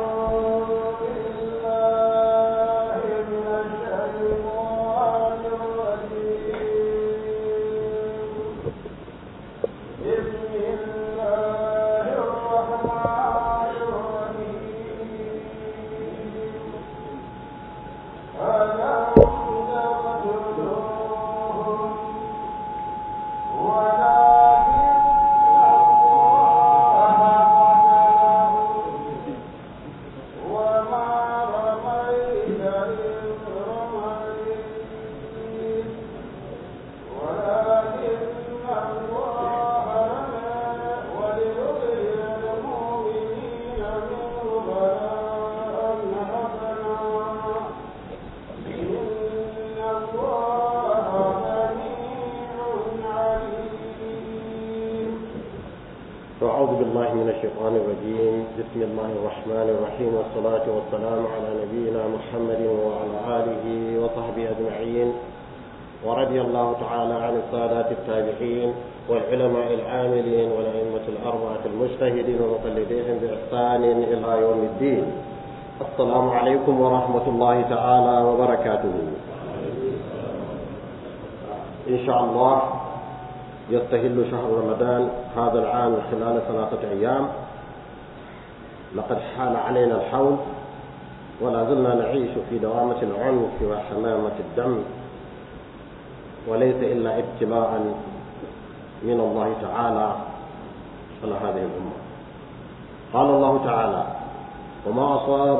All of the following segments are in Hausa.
الله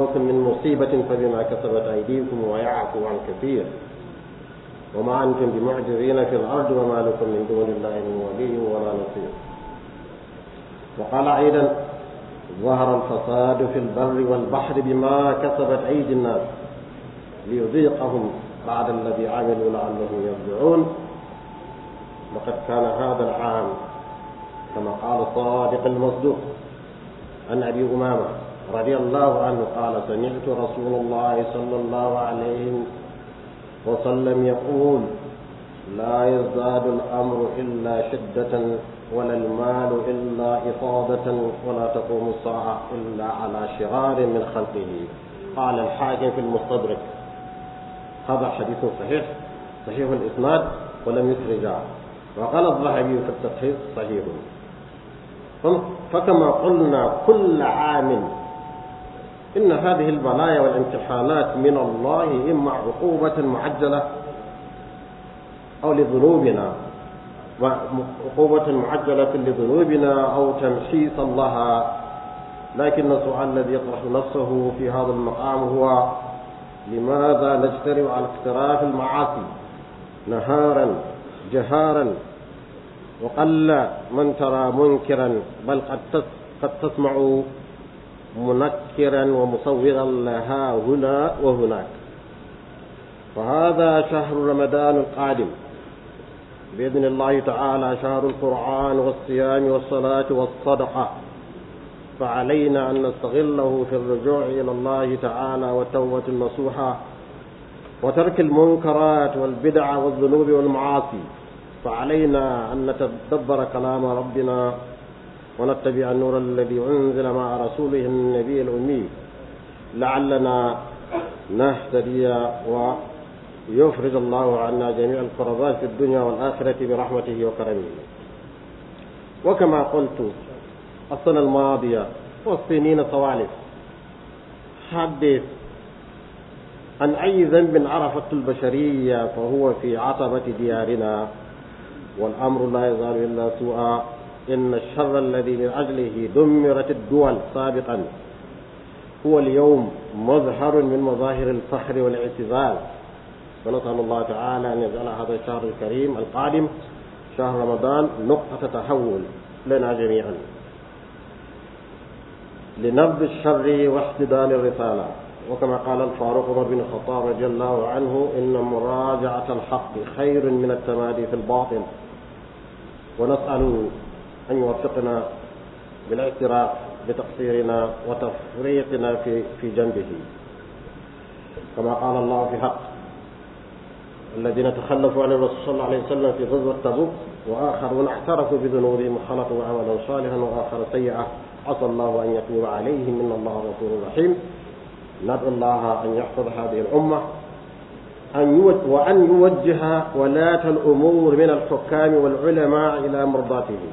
أصابكم من مصيبة فبما كسبت أيديكم ويعفو عن كثير وما أنتم بمعجزين في الأرض وما لكم من دون الله من ولي ولا نصير وقال أيضا ظهر الفساد في البر والبحر بما كسبت أيدي الناس ليذيقهم بعد الذي عملوا لعلهم يرجعون وقد كان هذا العام كما قال صادق المصدوق عن أبي أمامة رضي الله عنه قال سمعت رسول الله صلى الله عليه وسلم يقول لا يزداد الأمر إلا شدة ولا المال إلا إفاضة ولا تقوم الساعة إلا على شرار من خلقه قال الحاكم في المستدرك هذا حديث صحيح صحيح الإسناد ولم يخرجه وقال الذهبي في التصحيح صحيح فكما قلنا كل عام إن هذه البلايا والامتحانات من الله إما عقوبة معجلة أو لذنوبنا عقوبة معجلة لذنوبنا أو تمحيصا لها لكن السؤال الذي يطرح نفسه في هذا المقام هو لماذا نجترئ على اقتراف المعاصي نهارا جهارا وقل من ترى منكرا بل قد قد تسمع منكرا ومصورا لها هنا وهناك فهذا شهر رمضان القادم بإذن الله تعالى شهر القرآن والصيام والصلاة والصدقة فعلينا أن نستغله في الرجوع إلى الله تعالى والتوبة النصوحة وترك المنكرات والبدع والذنوب والمعاصي فعلينا أن نتدبر كلام ربنا ونتبع النور الذي أنزل مع رسوله النبي الأمي لعلنا نهتدي ويفرج الله عنا جميع القربات في الدنيا والآخرة برحمته وكرمه وكما قلت السنة الماضية والسنين الطوالف حدث عن أي ذنب عرفته البشرية فهو في عتبة ديارنا والأمر لا يزال إلا سوءا إن الشر الذي من أجله دمرت الدول سابقا هو اليوم مظهر من مظاهر الفخر والاعتزاز ونسأل الله تعالى أن يجعل هذا الشهر الكريم القادم شهر رمضان نقطة تحول لنا جميعا لنبذ الشر واحتضان الرسالة وكما قال الفاروق بن الخطاب رضي الله عنه إن مراجعة الحق خير من التمادي في الباطن ونسأل أن يوفقنا بالاعتراف بتقصيرنا وتفريطنا في في جنبه كما قال الله في حق الذين تخلفوا عن الرسول صلى الله عليه وسلم في غزوة تبوك وآخرون اعترفوا بذنوبهم وخلطوا عملا صالحا وآخر سيئة عسى الله أن يتوب عليهم إن الله غفور رحيم ندعو الله أن يحفظ هذه الأمة أن وأن يوجه ولاة الأمور من الحكام والعلماء إلى مرضاتهم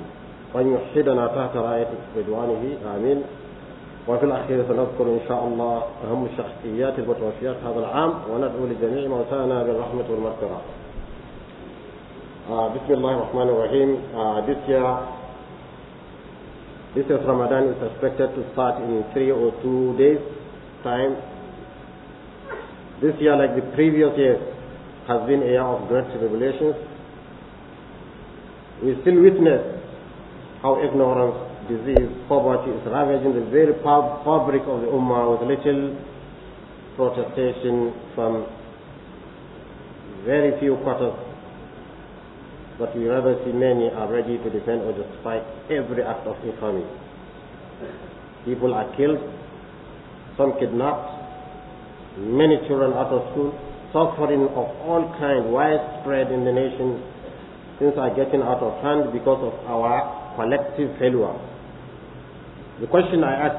وأن يحشدنا تحت راية رضوانه آمين وفي الأخير سنذكر إن شاء الله أهم الشخصيات المتوفيات هذا العام وندعو لجميع موتانا بالرحمة والمغفرة بسم الله الرحمن الرحيم this year this year's Ramadan is expected to start in three or two days time this year like the previous years has been a year of great tribulations we still witness how ignorance, disease, poverty is ravaging the very fabric of the Ummah with little protestation from very few quarters. But we rather see many are ready to defend or justify every act of infamy. People are killed, some kidnapped, many children out of school, suffering of all kinds widespread in the nation. Things are getting out of hand because of our collective failure. The question I ask,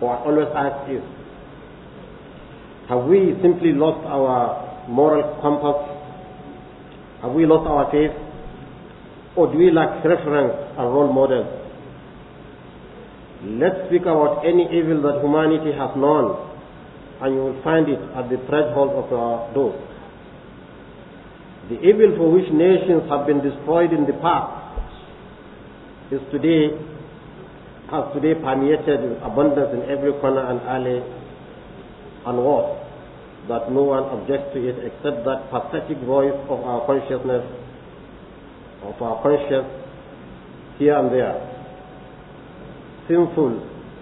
or I always ask, is have we simply lost our moral compass? Have we lost our faith? Or do we lack reference and role models? Let's speak about any evil that humanity has known, and you will find it at the threshold of our door. The evil for which nations have been destroyed in the past is today, has today permeated with abundance in every corner and alley and what? That no one objects to it except that pathetic voice of our consciousness, of our conscience, here and there. Sinful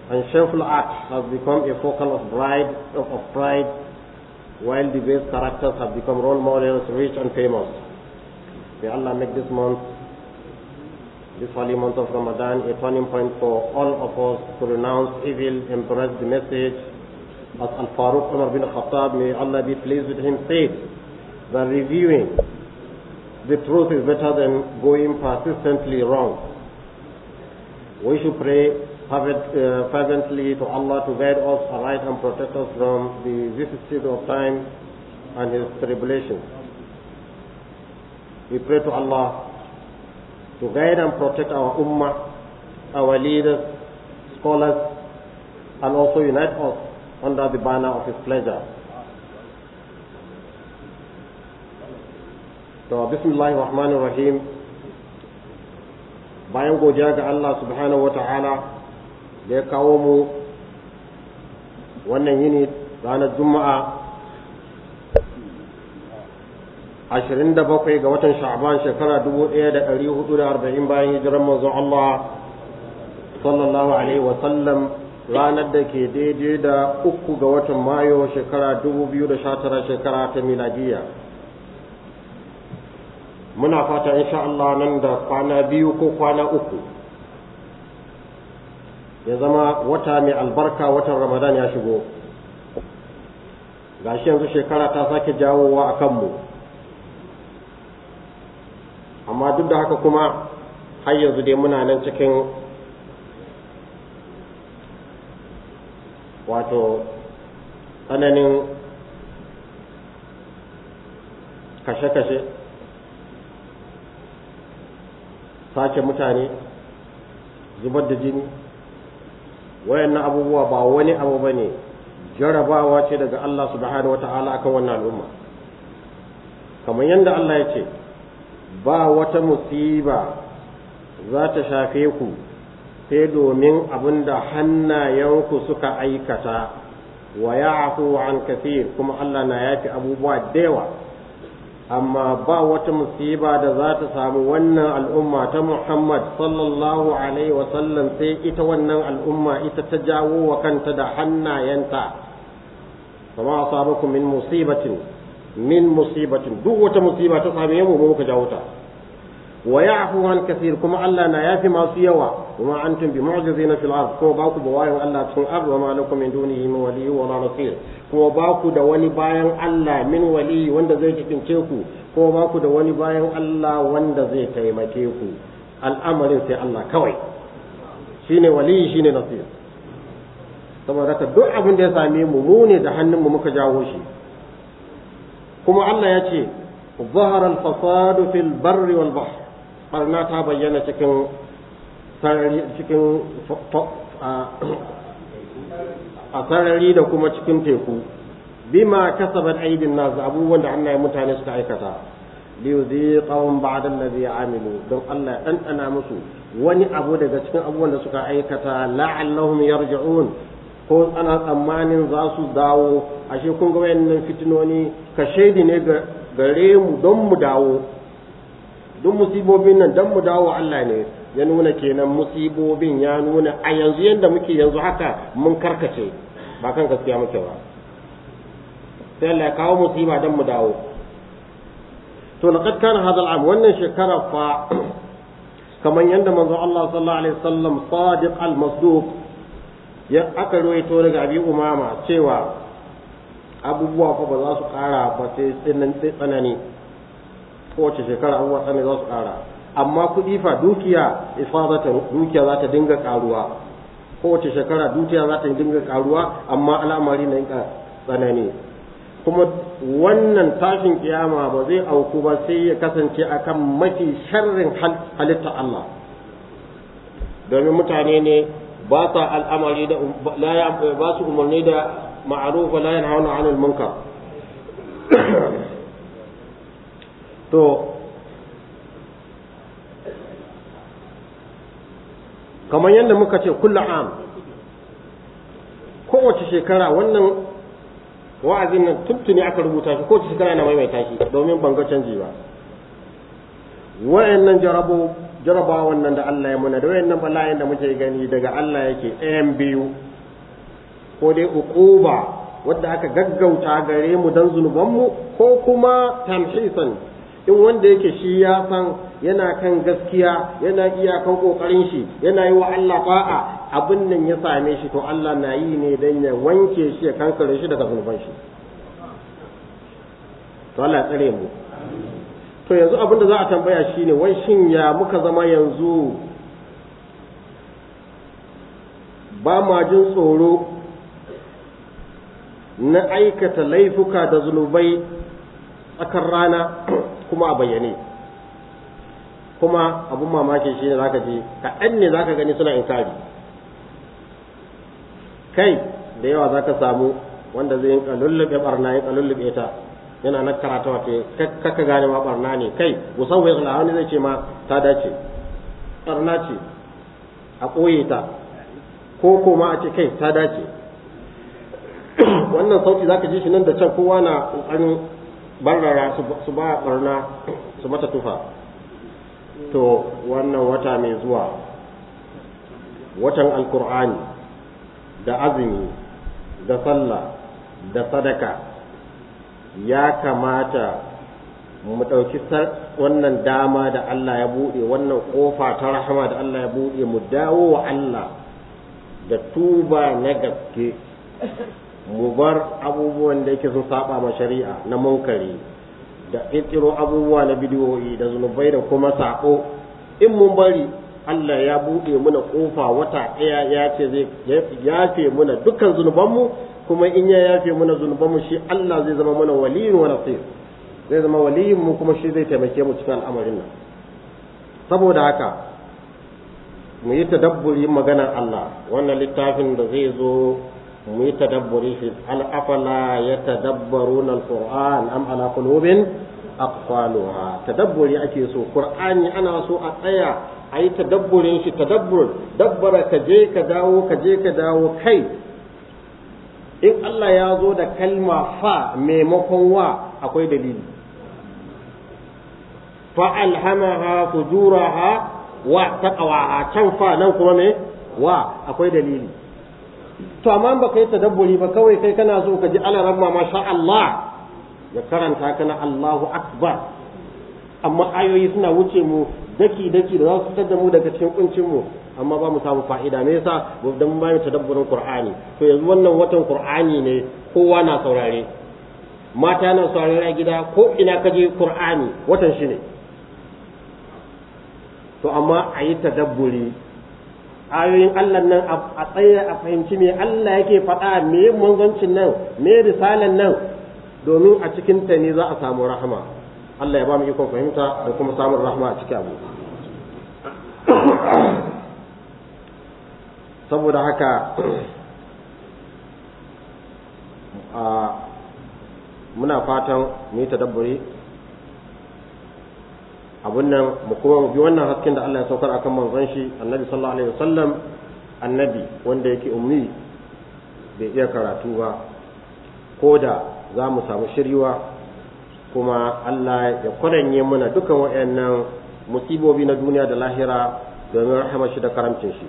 and shameful acts have become a focal of pride, of, of pride, while debased characters have become role models, rich and famous. May Allah make this month this holy month of Ramadan a turning point for all of us to renounce evil, embrace the message. As Al-Faruq Umar bin Khattab, may Allah be pleased with him, said that reviewing the truth is better than going persistently wrong. We should pray uh, fervently to Allah to guide us aright and protect us from the vicissitude of time and his tribulations. We pray to Allah to guide and protect our ummah, our leaders, scholars, and also unite us under the banner of His pleasure. To Bismillahir Rahmanir Rahim bayan godiya ga Allah subhanahu wa ta'ala da ya kawo mu wannan yini ranar Juma'a ashirin da bakwai ga watan sha'ban shekara dubu ɗaya da ɗari hudu da arba'in bayan hijiran manzon Allah sallallahu alaihi wa sallam ranar da ke daidai da uku ga watan mayo shekara dubu biyu da sha tara shekara ta miladiya muna fata insha Allah nan da kwana biyu ko kwana uku ya zama wata mai albarka watan ramadan ya shigo gashi yanzu shekara ta sake jawowa a kanmu amma duk da haka kuma har yanzu dai muna nan cikin wato tsananin kashe-kashe sace mutane zubar da jini wayannan abubuwa ba wani abu ba ne jarabawa ce daga Allah subhanahu wa ta'ala akan wannan al'umma kamar yadda Allah ya ce ba wata musiba za ta shafe ku sai domin abin da hannayenku suka aikata wa ya'fu an kathir kuma Allah na yafi abubuwa da yawa amma ba wata musiba da za ta samu wannan al'umma ta Muhammad sallallahu alaihi wasallam sai ita wannan al'umma ita ta jawo wa kanta da hannayenta kama asabakum min musibatin min musibatin duk wata musiba ta same mu mu muka jawo ta wa ya'fu an kaseer kuma Allah na yafi masu yawa kuma antum bi mu'jizina fil ard ko ba ku bawayan Allah tun ard wa ma lakum min dunihi min wali wa la nasir kuma ba ku da wani bayan Allah min wali wanda zai cikince ku ko ba ku da wani bayan Allah wanda zai taimake ku al'amarin sai Allah kawai shine wali shine nasir saboda duk abin da ya same mu mu ne da hannun mu muka jawo shi kuma Allah ya ce zahara al-fasadu fil barri wal bahr barna ta bayyana cikin cikin a sarari da kuma cikin teku bima kasabat aidin nas abubuwan da Allah ya mutane suka aikata liyuziqahum ba'da allazi amilu don Allah dan ana musu wani abu daga cikin abubuwan da suka aikata la'allahum yarji'un ko ana tsammanin za su dawo ashe kun ga wayannan fitinoni ka shaidi ne gare mu don mu dawo duk musibobin nan don mu dawo Allah ne ya nuna kenan musibobin ya nuna a yanzu yadda muke yanzu haka mun karkace ba kan gaskiya muke ba sai Allah ya kawo musiba don mu dawo to laqad kana hadha al wannan shekara fa kamar yadda manzo Allah sallallahu alaihi wasallam sadiq al-masduq ya aka ruwaito daga abi umama cewa abubuwa fa ba za su kara ba sai tsinan sai tsanani kowace shekara abubuwa tsanani za su kara amma kuɗi fa dukiya ifadata dukiya za ta dinga karuwa kowace shekara dukiya za ta dinga karuwa amma al'amari na yinka tsanani kuma wannan tashin kiyama ba zai auku ba sai ya kasance akan mafi sharrin halitta Allah domin mutane ne ba sa al'amari da um-, ba su umarni da ma'aruf la yanhauna 'anil munkar to kamar yadda muka ce kullu am kowace shekara wannan wa'azin nan tuntuni aka rubuta shi kowace shekara na maimaita shi domin ban ga canji ba wa'annan jarabo jarabawa wannan da Allah ya muna da wayannan bala'in da muke gani daga Allah yake ɗayan biyu ko dai uquba wadda aka gaggauta gare mu dan zunubanmu ko kuma tamhisan in wanda yake shi ya san yana kan gaskiya yana iya iyakan kokarin shi yana yi wa Allah ba'a abin nan ya same shi to Allah na yi ne dan ya wanke shi ya kankare shi daga zunuban shi to Allah ya tsare mu to yanzu abin da za a tambaya shine wai shin ya muka zama yanzu ba ma jin tsoro na aikata laifuka da zunubai tsakar rana kuma a bayyane kuma abin mamakin shi ne zaka je kaɗan ne zaka gani suna inkari kai da yawa zaka samu wanda zai yinka lullube barna yinka lullube ta yana na karata wato kaka gane ma barna ne kai musawwir la wani zai ce ma ta dace barna ce a koye ta ko kuma a ce kai ta dace wannan sauti zaka ji shi nan da can kowa na kokarin barrara su ba barna su mata tufa to wannan wata mai zuwa watan alkur'ani da azumi da sallah da sadaka ya kamata mu ɗauki wannan dama da Allah ya buɗe wannan ƙofa ta rahama da Allah ya buɗe mu dawo wa Allah da tuba na gaske mu bar abubuwan da yake sun saba ma shari'a na munkari da ƙirƙiro abubuwa na bidiyoyi da zunubai da kuma saƙo in mun bari Allah ya buɗe muna ƙofa wata ɗaya ya ce zai yafe muna dukkan zunubanmu kuma in ya yafe mana zunubanmu shi Allah zai zama mana waliyin wa nasir zai zama waliyin mu kuma shi zai taimake mu cikin al'amarin nan saboda haka mu yi tadabburi maganar Allah wannan littafin da zai zo mu yi tadabburi shi al'afala ya tadabbaruna al-qur'an am ala qulubin aqfaluha tadabburi ake so qur'ani ana so a tsaya a yi tadabburin shi tadabbur dabbara ka je ka dawo ka je ka dawo kai in Allah ya zo da kalma fa maimakon wa akwai dalili fa alhamaha fujuraha wa taqwaha can fa nan kuma me wa akwai dalili to amma ba kai tadabburi ba kawai kai kana so ka ji ala rabba masha Allah ya karanta kana Allahu akbar amma ayoyi suna wuce mu daki daki da za su fitar da mu daga cikin kuncin mu amma ba mu samu fa'ida me yasa dan mun bayan tadabburin qur'ani to yanzu wannan watan qur'ani ne kowa na saurare mata na saurare a gida ko ina kaje qur'ani watan shi ne to amma a yi tadabburi ayoyin Allah nan a tsaye a fahimci me Allah yake faɗa me manzancin nan me risalan nan domin a cikin ta ne za a samu rahama Allah ya ba mu ikon fahimta da kuma samun rahama a cikin abu saboda haka muna fatan mu ta dabbari, abun nan mu kuma mu bi wannan hasken da Allah ya saukar akan manzon shi annabi sallallahu alaihi wasallam annabi wanda yake ummi bai iya karatu ba ko da za mu samu shiriwa kuma Allah ya kwaranye mana dukan waɗannan musibobi na duniya da lahira domin rahama shi da karamcin shi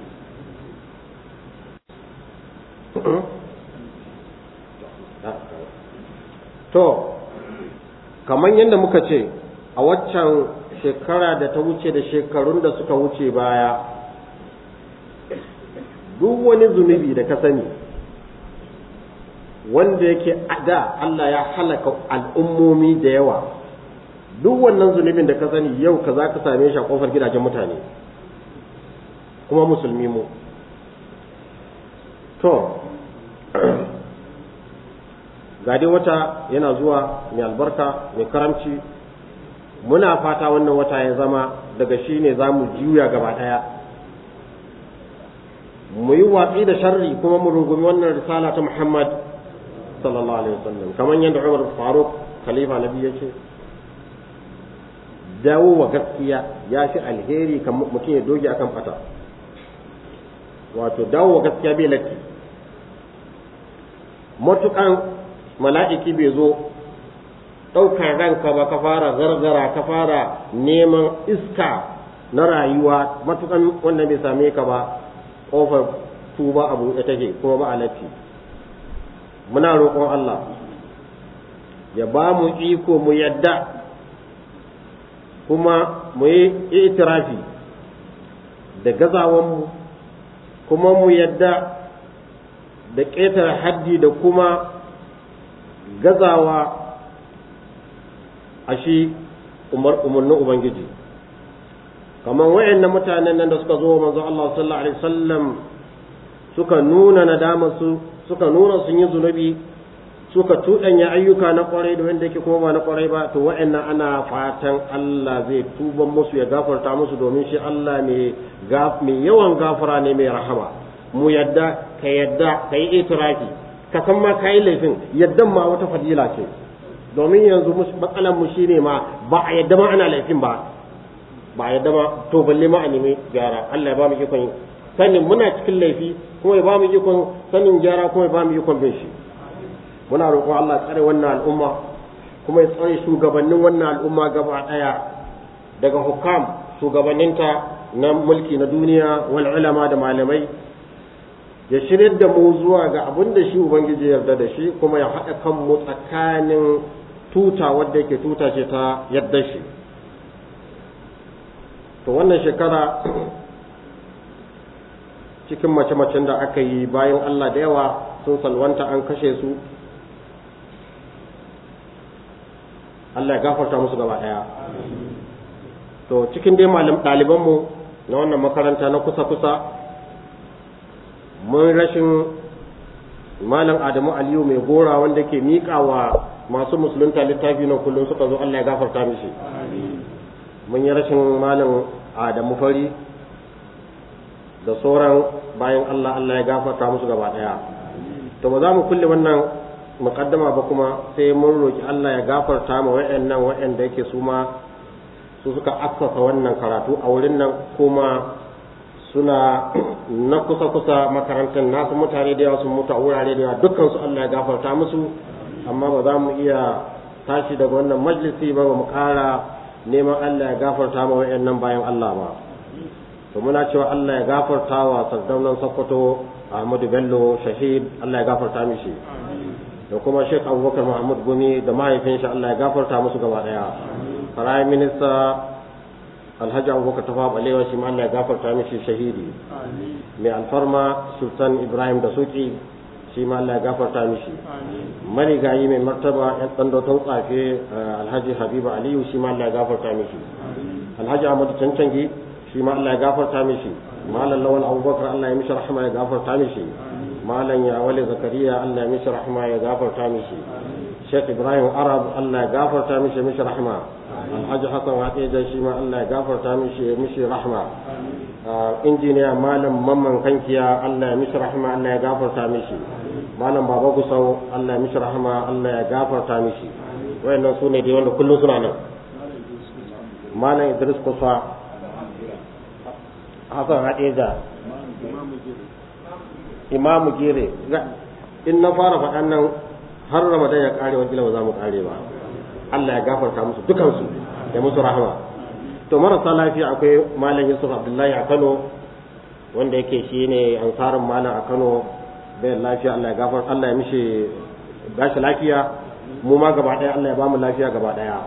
Mm-hmm. to kamar yadda muka ce a waccan shekara da ta wuce da shekarun da suka wuce baya duk wani zunubi da ka sani wanda yake da Allah ya halaka al'ummomi da yawa duk wannan zunubin da ka sani yau ka za ka same shi a kofar gidajen mutane kuma musulmi mu to ga wata yana zuwa mai albarka mai karamci muna fata wannan wata ya zama daga shi ne za mu juya gaba ɗaya mu yi watsi da sharri kuma mu rungumi wannan risala ta muhammad sallallahu alaihi wasallam kamar yadda umar faruk khalifa nabi ya ce dawo wa gaskiya ya fi alheri kan mutum ya doge akan fata wato dawo wa gaskiya bai latti matukan mala'iki bai zo ɗaukar ranka ba ka fara gargara ka fara neman iska na rayuwa matukan wannan bai same ka ba ƙofar tuba a buɗe take kuma ba a lafi muna roƙon Allah ya ba mu iko mu yadda kuma mu yi itirafi da gazawanmu kuma mu yadda da ƙetare haddi da kuma gazawa a shi umarnin ubangiji kamar na mutanen nan da suka zo manzo Allah sallallahu alaihi wasallam suka nuna nadama su suka nuna sun yi zunubi suka tuɗanya ayyuka na kwarai da wanda yake kuma ba na kwarai ba to wa'annan ana fatan Allah zai tuban musu ya gafarta musu domin shi Allah mai yawan gafara ne mai rahama mu yadda ka yadda ka yi itirafi ka san ma ka yi laifin yaddan ma wata fadila ce domin yanzu matsalar shi ne ma ba a yadda ma ana laifin ba ba a yadda ma to balle ma a nemi gyara Allah ya ba mu ikon sanin muna cikin laifi kuma ya ba mu ikon sanin gyara kuma ya ba mu ikon bin shi muna roƙon Allah tsare wannan al'umma kuma ya tsare shugabannin wannan al'umma gaba ɗaya daga hukam shugabanninta na mulki na duniya wal ulama da malamai ya shiryar da mu zuwa ga abin da shi ubangiji yarda da shi kuma ya haɗa kan mu tsakanin tuta wadda yake tuta ce ta yadda shi to wannan shekara cikin mace-macen da aka yi bayan Allah da yawa sun salwanta an kashe su Allah ya gafarta musu gaba ɗaya to cikin dai mu na wannan makaranta na kusa-kusa mun rashin malam adamu aliyu mai gora wanda ke miƙa wa masu musulunta littafi na kullum suka zo allah ya gafarta mishi mun yi rashin malam adamu fari da sauran bayan allah allah ya gafarta musu gaba ɗaya to ba za mu kulle wannan muqaddama ba kuma sai mun roki allah ya gafarta ma wa'annan wa'anda yake su ma su suka assasa wannan karatu a wurin nan kuma suna na kusa-kusa makarantar nasu mutane da yawa sun mutu a wurare da yawa dukkan su Allah ya gafarta musu amma ba za mu iya tashi daga wannan majalisi ba ba mu ƙara neman Allah ya gafarta ma wayannan bayan Allah ba to muna cewa Allah ya gafarta wa sardaunan Sokoto Ahmadu Bello Shahid Allah ya gafarta mishi da kuma Sheikh Abubakar Muhammad Gumi da mahaifin shi Allah ya gafarta musu gaba daya Prime Minister alhaji abubakar tafa balewa shi ma Allah ya gafarta mishi shahidi mai alfarma sultan ibrahim da suki shi ma Allah ya gafarta mishi marigayi mai martaba yan dan dautan tsafe eh, alhaji habiba aliyu shi ma Allah ya gafarta mishi alhaji ahmadu cancangi shi ma Allah ya gafarta mishi malam lawan abubakar Allah ya mishi rahama ya gafarta mishi malam ya wale zakariya Allah ya mishi rahama ya gafarta mishi Sheikh Ibrahim Arab Allah ya gafarta mishi mishi rahama alhaji hassan da shi ma allah ya gafarta mishi ya mishi rahma ah, injiniya malam mamman kankiya allah ya mishi rahma allah ya gafarta mishi malam baba gusau allah ya mishi rahma allah ya gafarta mishi wayannan su ne dai wanda kullum suna nan malam idris kusa hassan hadeja imamu gere in na fara faɗan nan har ramadan ya ƙare wajen ba za mu ƙare ba Allah ya gafarta musu dukansu da musu rahama to marasa lafiya akwai malam Yusuf Abdullahi a Kano wanda yake ne ansarin malam a Kano bai lafiya Allah ya gafar Allah ya mishi gashi lafiya mu ma gaba daya Allah ya bamu lafiya gaba daya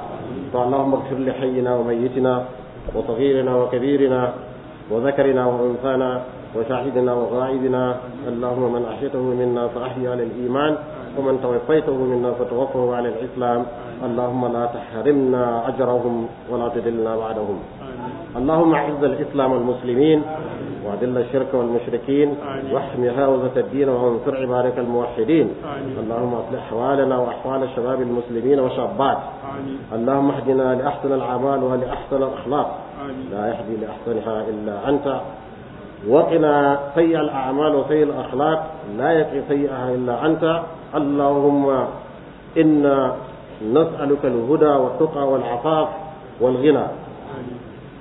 to Allahumma ighfir li hayyina wa mayyitina wa saghirina wa kabirina wa zakarina wa unsana وشاهدنا وغائبنا اللهم من أحيته منا فأحيا للإيمان ومن توفيته منا فتوفه على الإسلام اللهم لا تحرمنا أجرهم ولا تدلنا بعدهم اللهم أعز الإسلام والمسلمين وأذل الشرك والمشركين واحمي هاوزة الدين وانصر عبادك الموحدين اللهم أصلح أحوالنا وأحوال الشباب المسلمين وشابات اللهم اهدنا لأحسن الأعمال ولأحسن الأخلاق لا يهدي لأحسنها إلا أنت وقنا سيء الأعمال وسيء الأخلاق لا يقي سيئها إلا أنت اللهم إنا نسألك الهدى والتقى والعفاف والغنى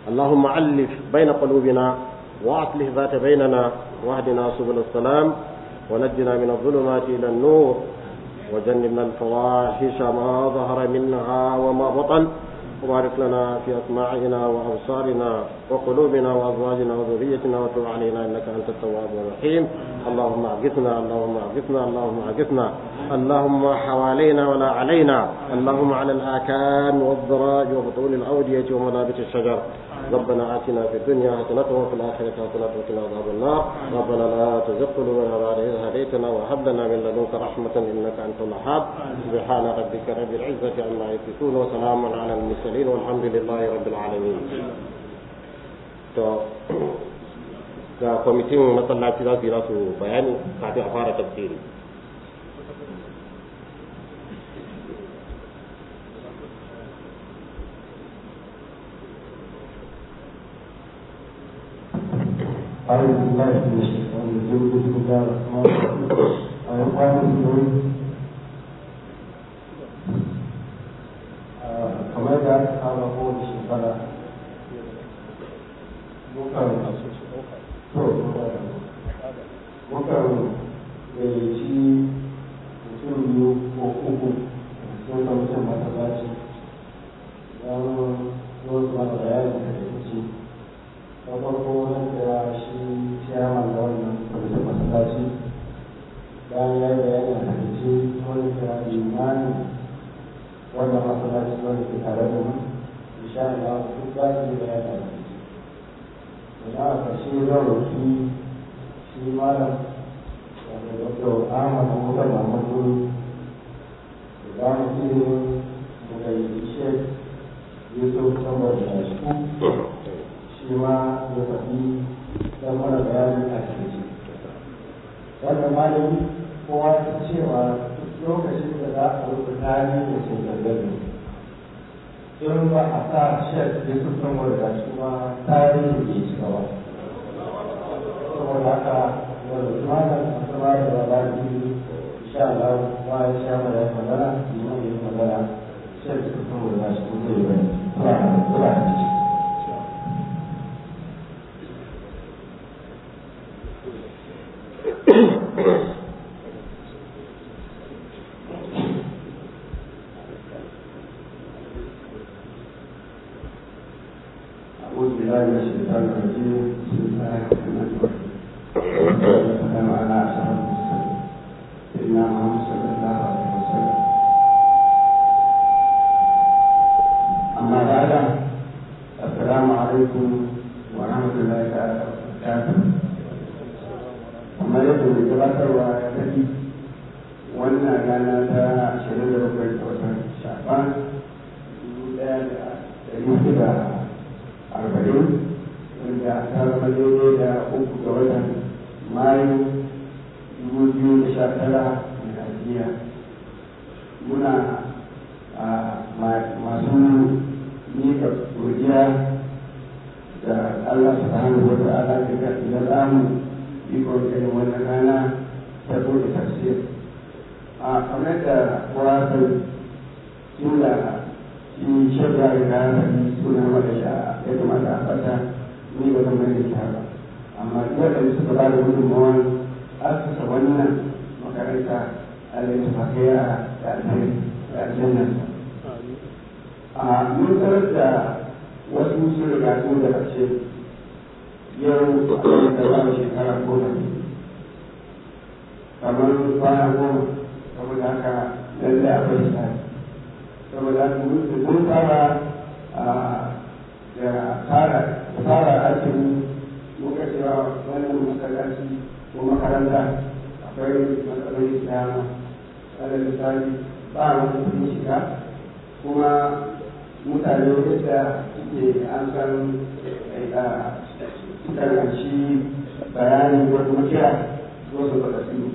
اللهم علف بين قلوبنا وأصلح ذات بيننا واهدنا سبل السلام ونجنا من الظلمات إلى النور وجنبنا الفواحش ما ظهر منها وما بطن وبارك لنا في أسماعنا وأبصارنا وقلوبنا وأزواجنا وذريتنا وتب علينا إنك أنت التواب الرحيم اللهم اغثنا اللهم اغثنا اللهم اغثنا اللهم حوالينا ولا علينا اللهم على الآكان والضراج وبطول الأودية ومنابت الشجر ربنا آتنا في الدنيا حسنة وفي الآخرة حسنة وقنا عذاب النار ربنا لا تزغ قلوبنا بعد إذ هديتنا وهب لنا من لدنك رحمة إنك أنت الوهاب سبحان ربك رب العزة عما يصفون وسلام على المرسلين والحمد لله رب العالمين. ga kwamitin masallaci za su yi su bayani kafin a fara tafsiri kamar da aka to mukan gayyaci mutum biyu uku sun ka mutum da ya ta shi ciyaman da wannan kwamitin masallaci bayan ya yi bayanin da wani wani ke tare da mu insha Allah duk za su yi bayanin da aka shi rawaki shi malam wanda dr ahmad muka mamadu da za mu ce muka yi shek yusuf saboda da shi shi ma ya faɗi don mara bayanin a cikin wanda malami kowa ta cewa lokacin da za a rubuta ne da shi zargazin don ba a sa shek da su san wadda shi ma tarihi ke shiga ba saboda haka wadda su ma kan su ma da babaki insha Allah ma ya sha mada magana kuma ya magana shek da kuma to have samun ikon irin wannan rana ta buɗe tafsir a kamar da wurafin jimla shi shirya da rafin suna mata sha ya kamata a ni ba zan mai ta ba amma waɗanda ba da gudunmawar asasa wannan makaranta alaifafiya da aljannan a mun da wasu sun riga da ce yau da zama shekara goma ne kamar kwana goma saboda haka lallai akwai tsari saboda haka mun mun fara da fara da fara aikin muka cewa wannan masallaci ko makaranta akwai matsaloli da dama alal misali ba mu kuɗin shiga kuma mutane yadda suke an san eh, karanci bayani wasu mutiya wasu su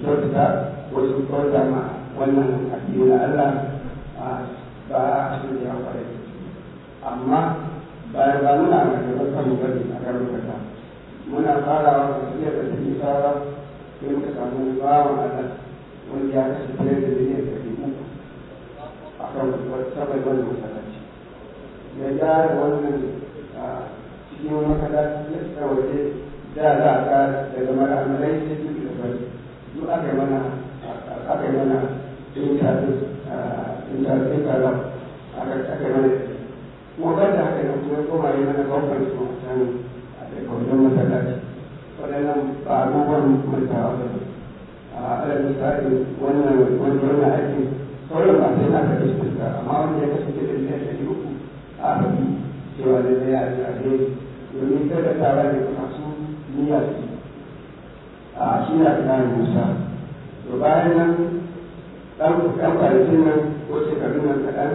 kyautata wasu kwanza ma wannan addini na Allah ba a su ya kwarai amma bayan ba muna a gani a muna farawa da tafiya da ta nisa ba sai samu Allah ya kashe fiye da uku a kan sabai wannan wannan cikin makadaci ya ta waje da za a ka daga maramalai sai duk da bari duk aka yi mana aka yi mana intanet kalam aka aka yi mana kuma ban da haka yi kuma kuma yi mana bambam su mutan a daga wajen makadaci waɗannan ba abubuwan mantawa ba a misali wannan wannan aikin sauran ba sai na kaɗe shi amma ya da ne a uku a cewa da domin ta tare da masu niyya su a shi na tsarin musa to bayan nan ɗan kwanakin nan ko shekaru nan kaɗan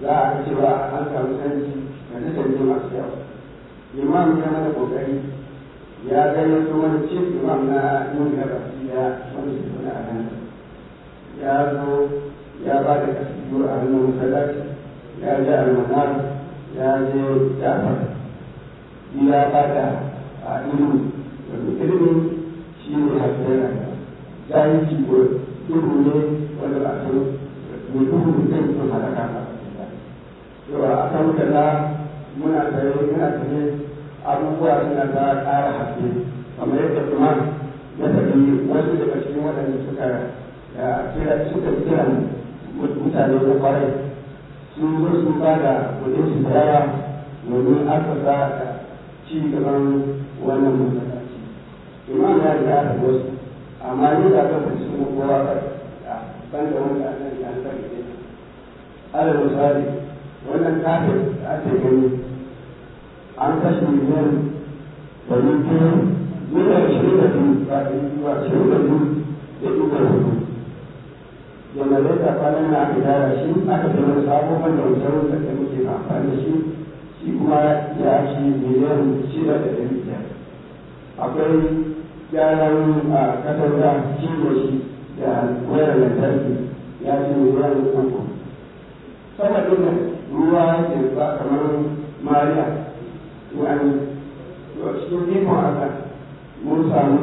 za a ga cewa an samu canji da na canji masu yawa imam ya mana kokari ya gani su wani cin imam na yin da baki ya wani shi a nan ya zo ya ba da kasiyo a hannun masallaci ya je almanar ya je fara ina ya fada a ilimi wanda ilimi shi ne hasken jahilci ko duhu ne wanda ba san mai duhu zai sun halaka ba yawa a kan kaza muna tsaye muna tsaye abubuwa suna ta ƙara haske kamar yadda kuma ya tafi wasu daga cikin waɗanda suka kira suka kira mutane da kwarai sun zo sun ba da kudin su da yawa domin aka za ci gaban wannan masallaci imam ya riga da wasu amma ni da kan fi suna kowa ka ban da wanda an sani an sani ne alal misali wannan kafin da ake gani an kashe miliyan da biyu miliyan ashirin da biyu ba da biyu ashirin da biyu da ɗiga hudu yamma da ta kwanan na aka gyara shi aka zama sabon wanda wuce wuce da muke amfani da shi shi kuma ya shi miliyan shida da ɗari biyar akwai gyaran a ƙasar da shi da shi da wayar lantarki ya shi miliyan uku sama duka ruwa da ba kamar mariya wani cikin ikon haka mun samu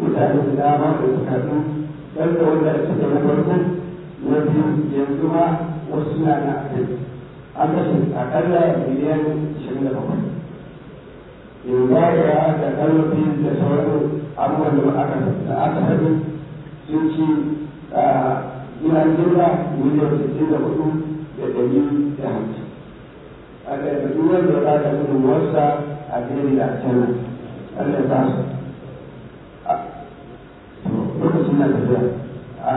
mutane da dama da suka zo don da wanda suke na farko na biyu yanzu ma wasu na na akai an kashe akalla miliyan 27 yanzu ya aka kalmafi da sauran abubuwan da aka da aka sani sun ci ina jira miliyan sittin da ɗari da hamsin a da ɗaiɗaɗɗu wanda ya bada wasa a gani da can Allah ya ba su lokacin na tafiya a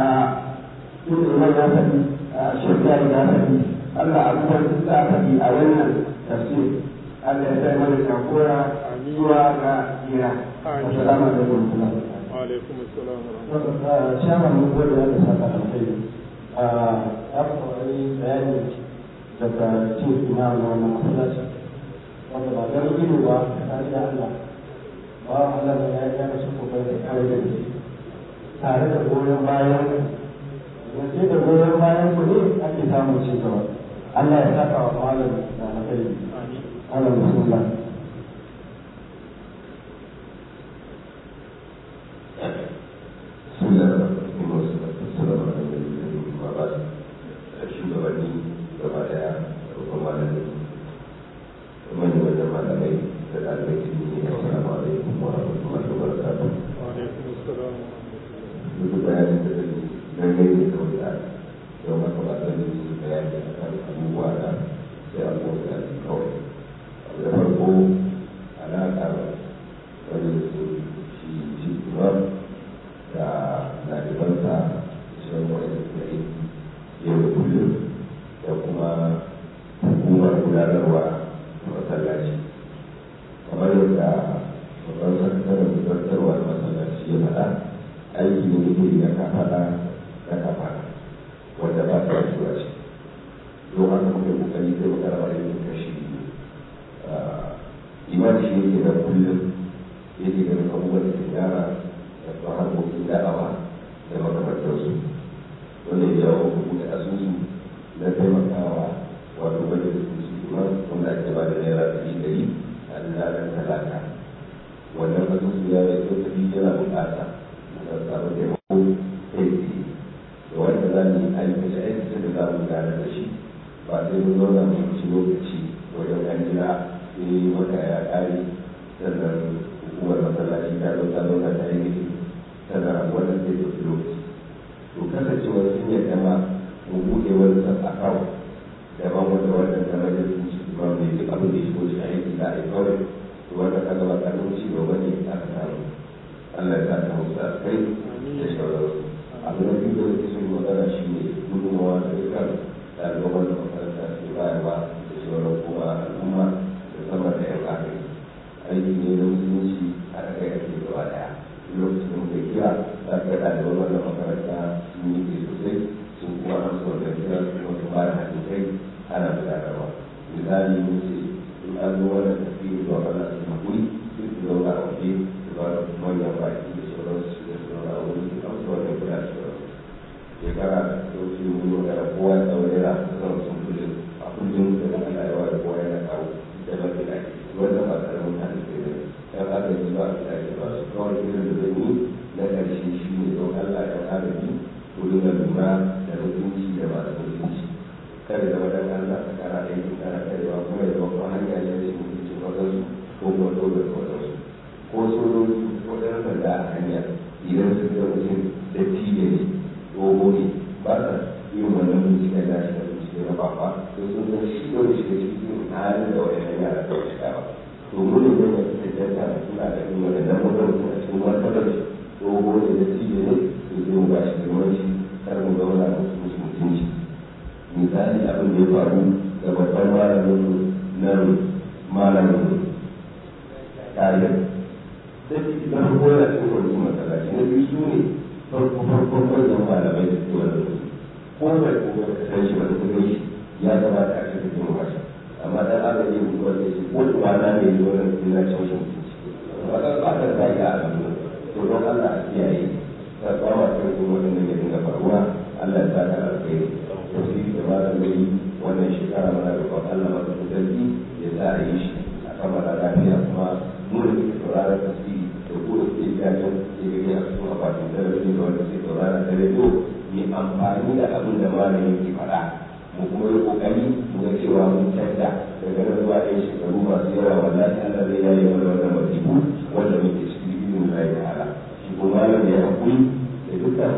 duk da ya faɗi a shirya ya faɗi Allah abubuwan da za faɗi a wannan tafsir Allah ya sai mana jagora zuwa ga gira assalamu alaikum wa alaikum assalam wa rahmatullahi shama mun gode da saka alkhairi a ah, ya koyi bayani daga chief imam na wannan masallaci wanda ba dan ido ba ta da Allah ba Allah ya ya su shi bai da kawai da tare da goyon bayan yanzu da goyon bayan ku ne ake samun ci gaba Allah ya saka wa malam da alkhairi. Allah ez a, ez a hajadban pályája, hogy mondjuk az, az fogva a dolgokat, az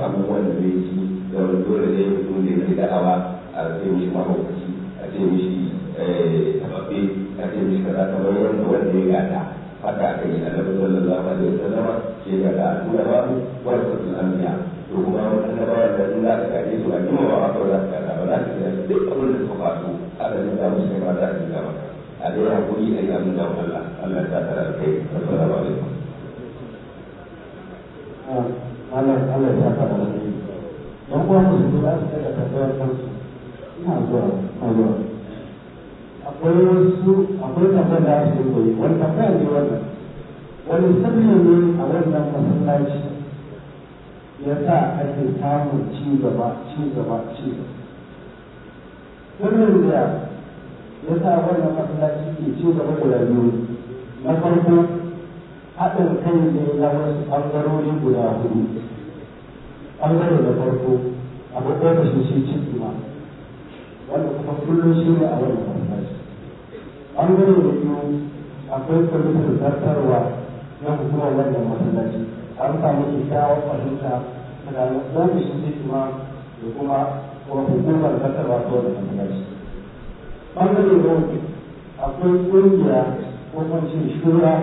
abubuwan wanda zai ci da dole zai mutum da ya da'awa a ce mishi mahaukaci a ce mishi eh, tababbe a ce mishi kaza kamar wanda wanda ya gata haka aka yi annabi sallallahu alaihi ce ga da a tura babu wanda su amiya to kuma wani annabawa da in za ka kaje su a kima ba kawai za ka kaza ba za ka gada duk abin da su faso aka yi da musu kai ma za a yi gaba a dai hakuri a yi abin da Allah Allah ya sa ta da kai assalamu alaikum Allah Allah ya saka da shi dan uwa ne su da su daga tambayar kansu ina zuwa ina zuwa akwai wasu akwai tambayar da ake koyi wani tambaya ne wannan wani sirri ne a wannan masallaci ya sa ake samun ci gaba ci gaba ci gaba sirrin da ya sa wannan masallaci ke ci gaba guda biyu na farko haɗin kai ne na wasu ɓangarori guda hudu ɓangare da farko akwai ofishin shi cin imam wanda kuma kullum shi ne a wannan an ɓangare da biyu akwai kwamitin zartarwa na hukumar wannan masallaci an samu kyakkyawar fahimta tsakanin shi cin imam da kuma kuma hukumar zartarwa ta wannan masallaci ɓangare da akwai ƙungiya ko kwanci shura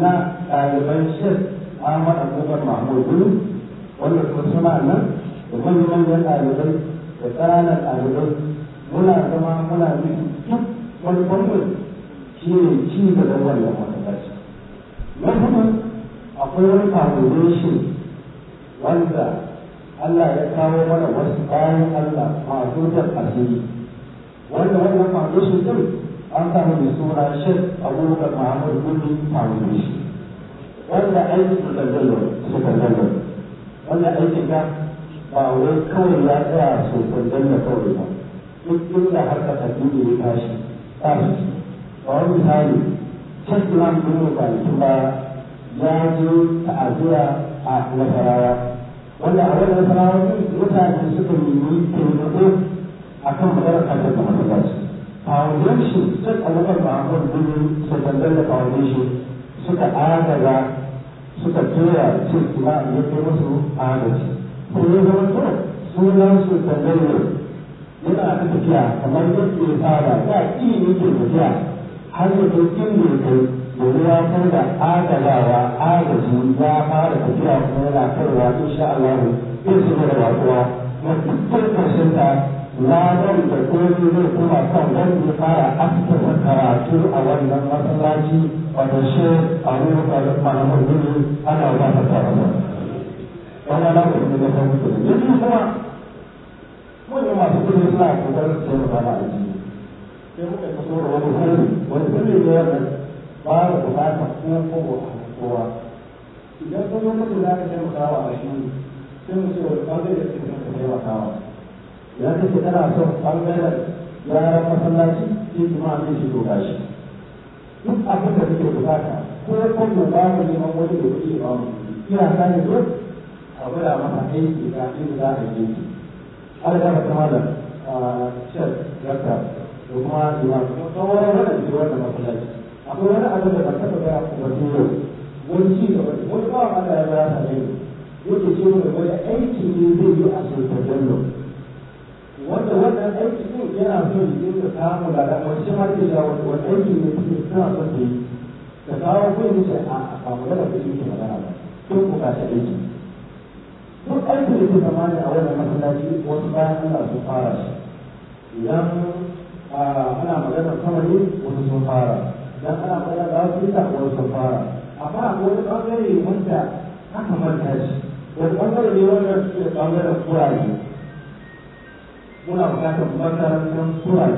na ɗaliban shir Ahmad Abubakar Mahmud Bulu wanda kuma suna nan da manyan ɗalibai da ƙananan ɗalibai muna zama muna yi duk wani ɓangare shi ne ci gaban wannan masallaci na kuma akwai wani foundation wanda Allah ya kawo mana wasu bayan Allah masu da asiri wanda wannan foundation din an samu mai suna Sheikh Abubakar Gudu Gumi shi wanda aiki da zallo suka zallo wannan aikin ka ba wai kawai ya tsaya sofin don na kawai ba duk inda harkar addini ya tashi tashi ba wani misali shek imam bin mubarak ba ya je ta'azira a nasarawa wanda a wannan nasarawa mutane suka nemi taimako a kan maganar ƙasar da masallaci foundation sun alaƙar ma'amur bin sakandar da foundation suka agaza suka tura ce kuma ya kai musu agaji sai ya zama to sunan su ne, yana ta tafiya kamar yadda ya fara da ne ke tafiya har ya kai inda kai da ya kai da agalawa agaji ya fara tafiya kuma yana kaiwa insha Allah ya su da wakuwa na dukkan karshen ta ladan da kofi zai kuma kan wanda ya fara asibita karatu a wannan masallaci a shi a wurin malamun gudu ana ba ta tsara ba wannan na kuma da kan gudu yanzu kuma manyan masu gudu suna kokarin su yi magana a sai muka yi wani hali wani gudu ne wanda ba da bukatar kowa kowa idan kuma mutum za ka taimakawa a shi sai mu ce wani ɓangare da suke taimakawa ya kace kana son ɓangaren yaran masallaci sai kuma zai shigo shi duk abin da kake bukata ko ya kan mu ba mu neman wani da kuke ba mu kira ka ne zo a gura masa aiki ga inda za a yi har da ta mala a shar yarta da kuma imam ko tsawon wannan jiwar da masallaci akwai wani abin da ba taɓa ga wani yau wani ci gaba wani kawai bawan da ya bara ta ne yake ce mu da wani aiki ne zai yi a sultan jallo wanda wannan aiki din yana son ya je ka samu lada wani shi ma ke jawo wani aiki ne suke suna son ta yi ka kawo kun yi ce a ba mu yana da yake magana ba sun bukaci aiki duk aiki da ke zama a wannan masallaci wasu bayan Allah sun fara shi idan ana maganar samari wasu sun fara idan ana maganar da wasu sun fara amma a wani bangare wanda aka manta shi wani bangare ne wanda suke bangaren kuraje muna bukatar makarantar kurare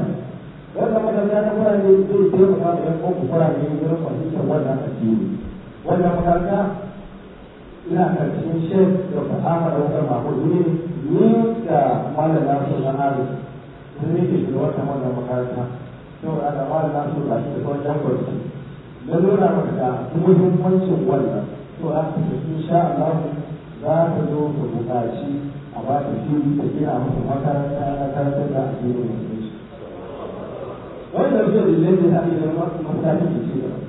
wannan makarantar ta kurare zai taimaka da yan uku kurare wurin aka wannan addini wannan makaranta ina karshen shef da fa'ama da wakar mako ne ni da na so na ari sun ke shiga wata wannan makaranta da mala na so da shi da kawai jagoranci na nuna maka da muhimmancin wanda sau a cikin sha Allah za ta zo ta buƙaci ba su shiri da gina musu makaranta na karantar da addinin musulunci wannan zai da zai da ake zama mataki da ci gaba da ci da ba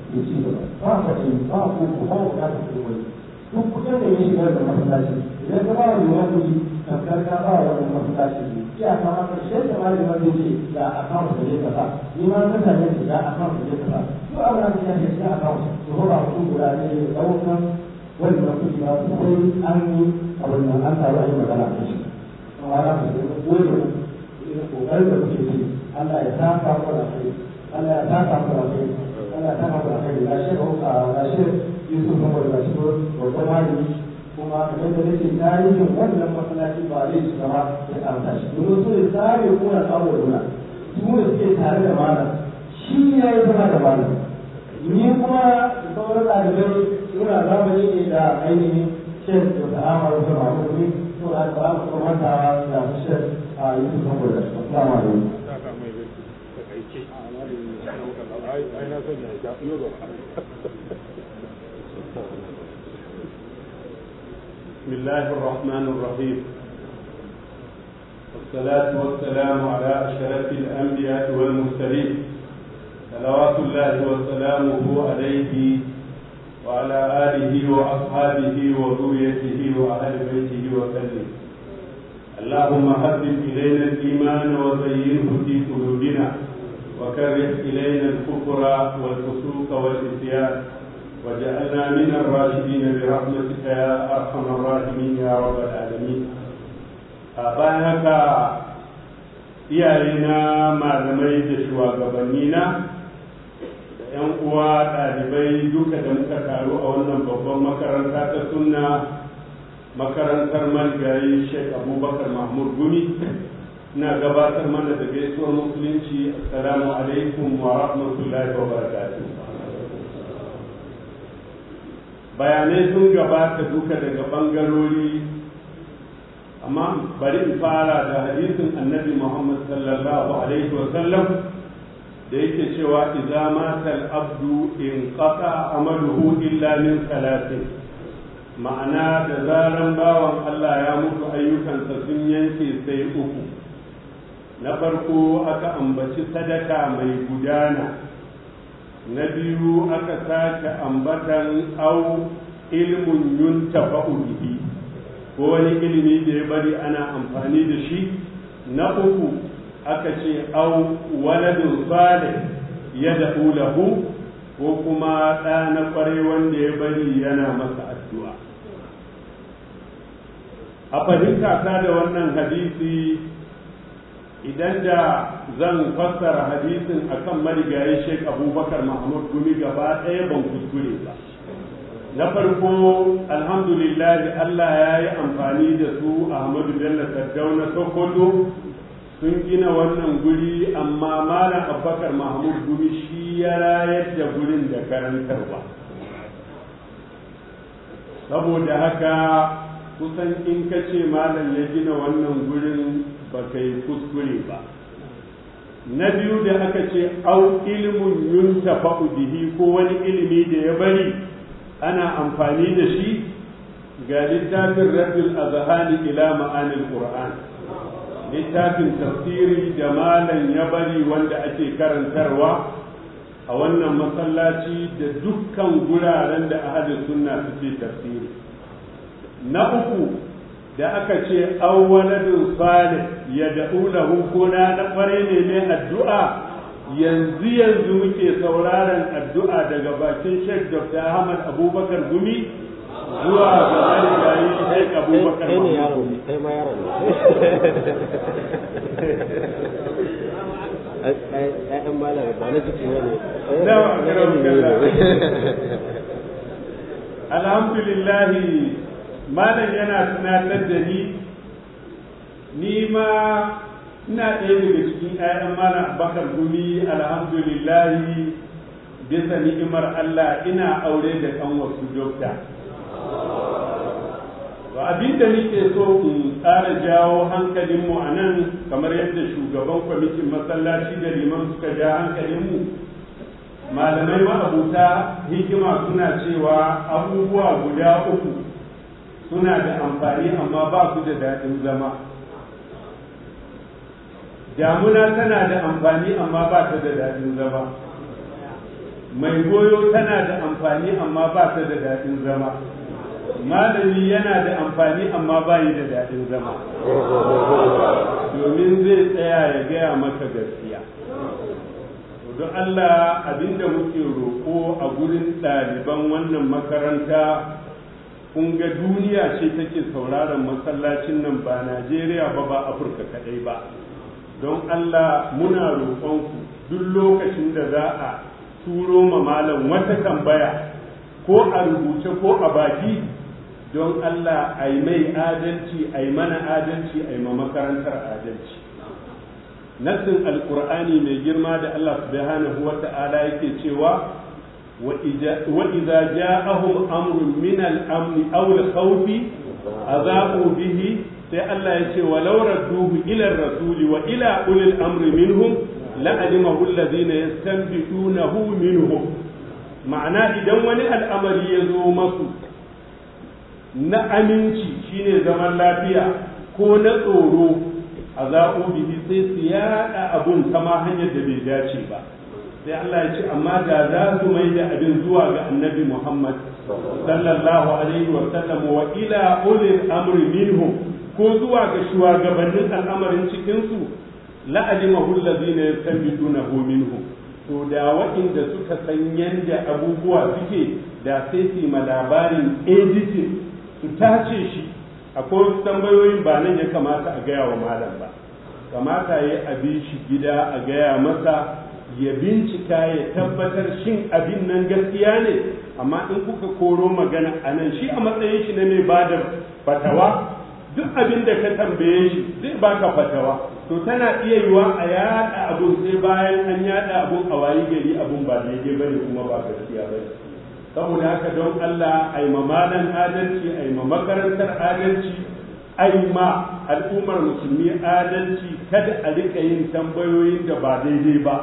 ka ce ba ko ko ba ko ka ce wani duk kudin da ya shigar da masallaci idan ka ba ruwa kuɗi tamkar ka ba wa wani masallaci ne iya ka ma karshe da ma da ma zai ce ga akawun da zai ni ma na sanya shi ga akawun da zai kasa duk abin da ya shiga akawun to ba ku guda ne da ɗaukan wanda su shiga sun an yi abin da an taru an yi magana a shi amma na ka zai gode kokarin da kuke ce Allah ya taka ku da kai Allah ya taka ku da kai Allah ya taka ku da kai da shi a da shi Yusuf kuma da shi babban malami kuma kamar da nake tarihin wannan masallaci ba zai shiga ba ya amsa shi domin su ne tsare kuna tsaro su ne suke tare da malam shi ya yi zama da malam ni kuma da sauran ɗalibai sura zamani ne da ainihin shan da ta'amarin da ma'amuri sura ta amsa mata da shan a yi su kan gudu assalamu alaikum بسم الله الرحمن الرحيم والصلاة والسلام على أشرف الأنبياء والمرسلين صلوات الله وسلامه عليه وعلى آله وأصحابه وذريته وأهل بيته وسلم اللهم حبب إلينا الإيمان وزينه في قلوبنا وكره إلينا الكفر والفسوق والعصيان وجعلنا من الراشدين برحمتك يا أرحم الراحمين يا رب العالمين أبانك iyayena malamai da shugabanni na yan uwa ɗalibai duka da muka taru a wannan babban makaranta ta sunna makarantar malgari shek abubakar mahmud gumi na gabatar mana da gaisuwar musulunci assalamu alaikum wa rahmatullahi wa barakatuh bayanai sun gabata duka daga bangarori amma bari in fara da hadisin annabi muhammad sallallahu alaihi wa sallam da yake cewa idza al abdu in qata amaluhu illa min salatin ma'ana da zaran bawan Allah ya mutu ayyukansa sun yanke sai uku na farko aka ambaci sadaka mai gudana na biyu aka sake ambatan au ilmun yuntafa'u bihi ko wani ilimi da ya bari ana amfani da shi na uku aka ce au waladun salih ya da ulahu ko kuma ɗa na kware wanda ya bari yana masa addu'a a fahimta ta da wannan hadisi idan da zan fassara hadisin akan marigayi Sheikh abubakar mahmud gumi gaba ɗaya ban kuskure ba na farko alhamdulillah allah ya yi amfani da su ahmadu bello na sokoto sun gina wannan guri amma malam abbakar mahmud guri shi ya rayar da gurin da karantarwa saboda haka kusan in ka ce malam ya gina wannan gurin ba kai kuskure ba na biyu da aka ce au ilimin yun bihi ko wani ilimi da ya bari ana amfani da shi ga littafin rabbil azhani ila ma'anil qur'an littafin tafsiri da malam ya bari wanda ake karantarwa a wannan masallaci da dukkan guraren da ahadin sunna suke tafsiri na uku da aka ce awwaladun salih ya da hukuna na kware ne mai addu'a yanzu yanzu muke sauraron addu'a daga bakin Sheikh Dr. Ahmad Abubakar Gumi zuwa ga abubakar malam yana tunatar da ni ni ma ina ɗaya daga cikin ƴaƴan malam bakar gumi alhamdulillah bisa ni'imar Allah ina aure da kan wasu dokta to abin da nake so ku tsara jawo hankalinmu a nan kamar yadda shugaban kwamitin masallaci da liman suka ja hankalinmu malamai ma'abuta hikima suna cewa abubuwa guda uku suna da amfani amma ba su da daɗin zama damuna tana da amfani amma ba ta da daɗin zama mai goyo tana da amfani amma ba ta da daɗin zama malami yana da amfani amma bayi da daɗin zama domin zai tsaya ya gaya maka gaskiya don Allah abinda muke roƙo a gurin ɗaliban wannan makaranta kun ga duniya ce take sauraron masallacin nan ba Najeriya ba ba Afirka kaɗai ba don Allah muna roƙonku duk lokacin da za a turo ma malam wata tambaya ko a rubuce ko a baki don Allah a yi mai adalci a yi mana adalci a yi ma makarantar adalci nassin alkur'ani mai girma da Allah subhanahu wa ta'ala yake cewa wa idza ja'ahum amrun min al-amn aw al-khawf adhaqu bihi sai Allah ya ce walau radduhu ila ar-rasul wa ila ulil amri minhum la'alimahu alladhina yastanbitunahu minhum ma'ana idan wani al'amari ya zo masu na aminci shine zaman lafiya ko na tsoro a za'u bihi sai su yada abun kama hanyar da bai dace ba sai Allah ya ce amma da za su mai da abin zuwa ga annabi Muhammad sallallahu alaihi wa sallam wa ila ulil amri minhum ko zuwa ga shugabannin al'amarin cikin su la alimahu allazina yastanbidunahu minhum to da da suka san yanda abubuwa suke da sai su ma labarin editing su tace shi akwai wasu tambayoyin ba nan ya kamata a gaya wa malam ba kamata ya abi shi gida a gaya masa ya bincika ya tabbatar shin abin nan gaskiya ne amma in kuka koro magana a nan shi a matsayin shi na mai ba da fatawa duk abin da ka tambaye shi zai baka fatawa to tana iya yiwa a yada abun sai bayan an yada abun a wayi gari abun ba daidai bane kuma ba gaskiya bane saboda haka don Allah ai mamalan adalci ai ma makarantar adalci ai ma al'ummar musulmi adalci kada a rika yin tambayoyin da ba daidai ba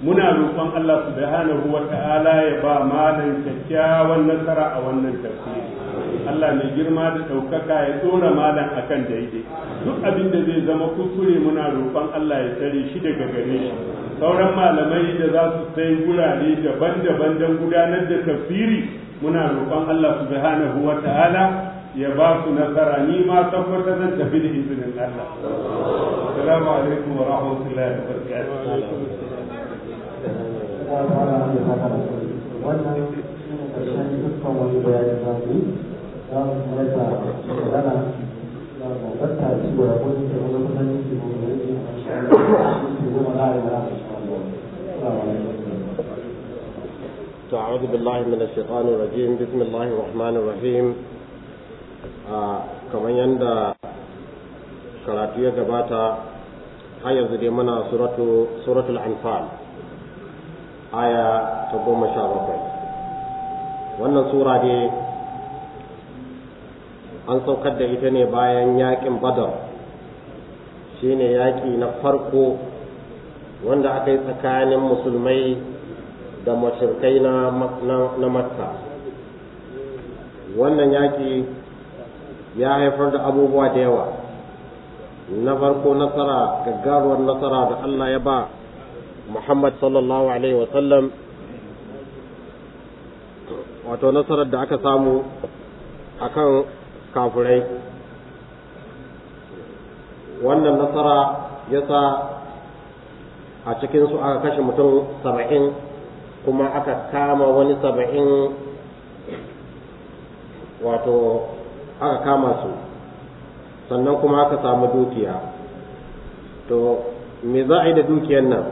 muna roƙon Allah subhanahu wa ta'ala ya ba malam kyakkyawan nasara a wannan tafsiri Allah mai girma da ɗaukaka ya tsora malam a akan daidai duk abin da zai zama kuskure muna roƙon Allah ya tsare shi daga gare shi sauran malamai da za su sai gurare daban-daban don gudanar da tafsiri muna roƙon Allah su subhanahu huwa ta'ala ya ba su nasara ni ma tabbata zan tafi da izinin Allah assalamu alaikum wa rahmatullahi wa barakatuh wannan dukkan wani bayanin zafi za mu kuma da a kamar yadda karatu ya gabata har yanzu dai muna suratul anfal aya ta goma sha bakwai wannan sura an saukar da ita ne bayan yaƙin badar shi ne yaƙi na farko wanda aka yi tsakanin musulmai da mashirkai na matta wannan yaƙi ya haifar da abubuwa da yawa na farko nasara gaggaruwar nasara da allah ya ba muhammad sallallahu alaihi wasallam wato nasarar da aka samu akan kafurai wannan nasara ya sa a cikinsu aka kashe mutum saba'in kuma aka kama wani saba'in wato aka kama su sannan kuma aka samu dukiya to me za a yi da dukiyar nan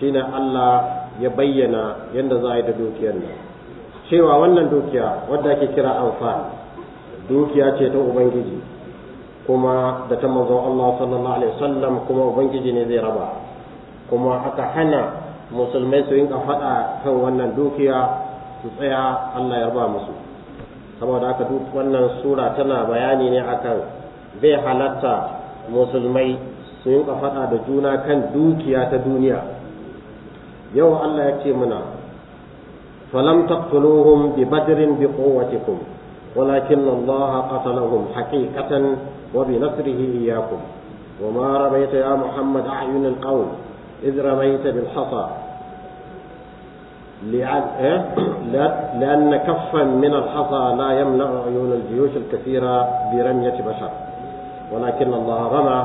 shine Allah ya bayyana yadda za a yi da dukiyar nan cewa wannan dukiya wadda ake kira amfani dukiya ce ta ubangiji kuma da ta manzon Allah sallallahu alaihi wasallam kuma ubangiji ne zai raba kuma aka hana musulmai su yinka faɗa kan wannan dukiya su tsaya Allah ya raba musu saboda haka duk wannan sura tana bayani ne akan bai halatta musulmai su yinka faɗa da juna kan dukiya ta duniya yau Allah ya ce muna falam taqtuluhum bi badrin bi quwwatikum ولكن الله قتلهم حقيقة وبنصره إياكم وما رميت يا محمد أعين القوم إذ رميت بالحصى إيه؟ لأن كفا من الحصى لا يمنع عيون الجيوش الكثيرة برمية بشر ولكن الله رمى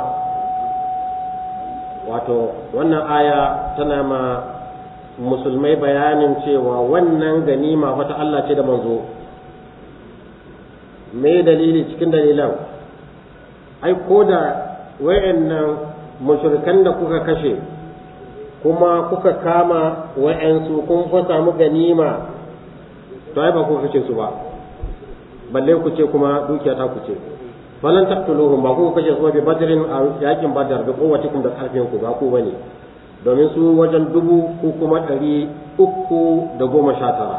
wato wannan aya tana ma musulmai bayanin cewa wannan ganima wata Allah ce da manzo me dalili cikin dalilan ai ko da wa'annan mushrikan da kuka kashe kuma kuka kama wa'ansu kun fa samu ganima to ai ba ku kace su ba balle ku ce kuma dukiya ta ku ce balan taqtuluhum ba ku kace su ba bi badrin a yakin badar da kun da karfin ku ba ku bane domin su wajen dubu ko kuma ɗari uku da goma sha tara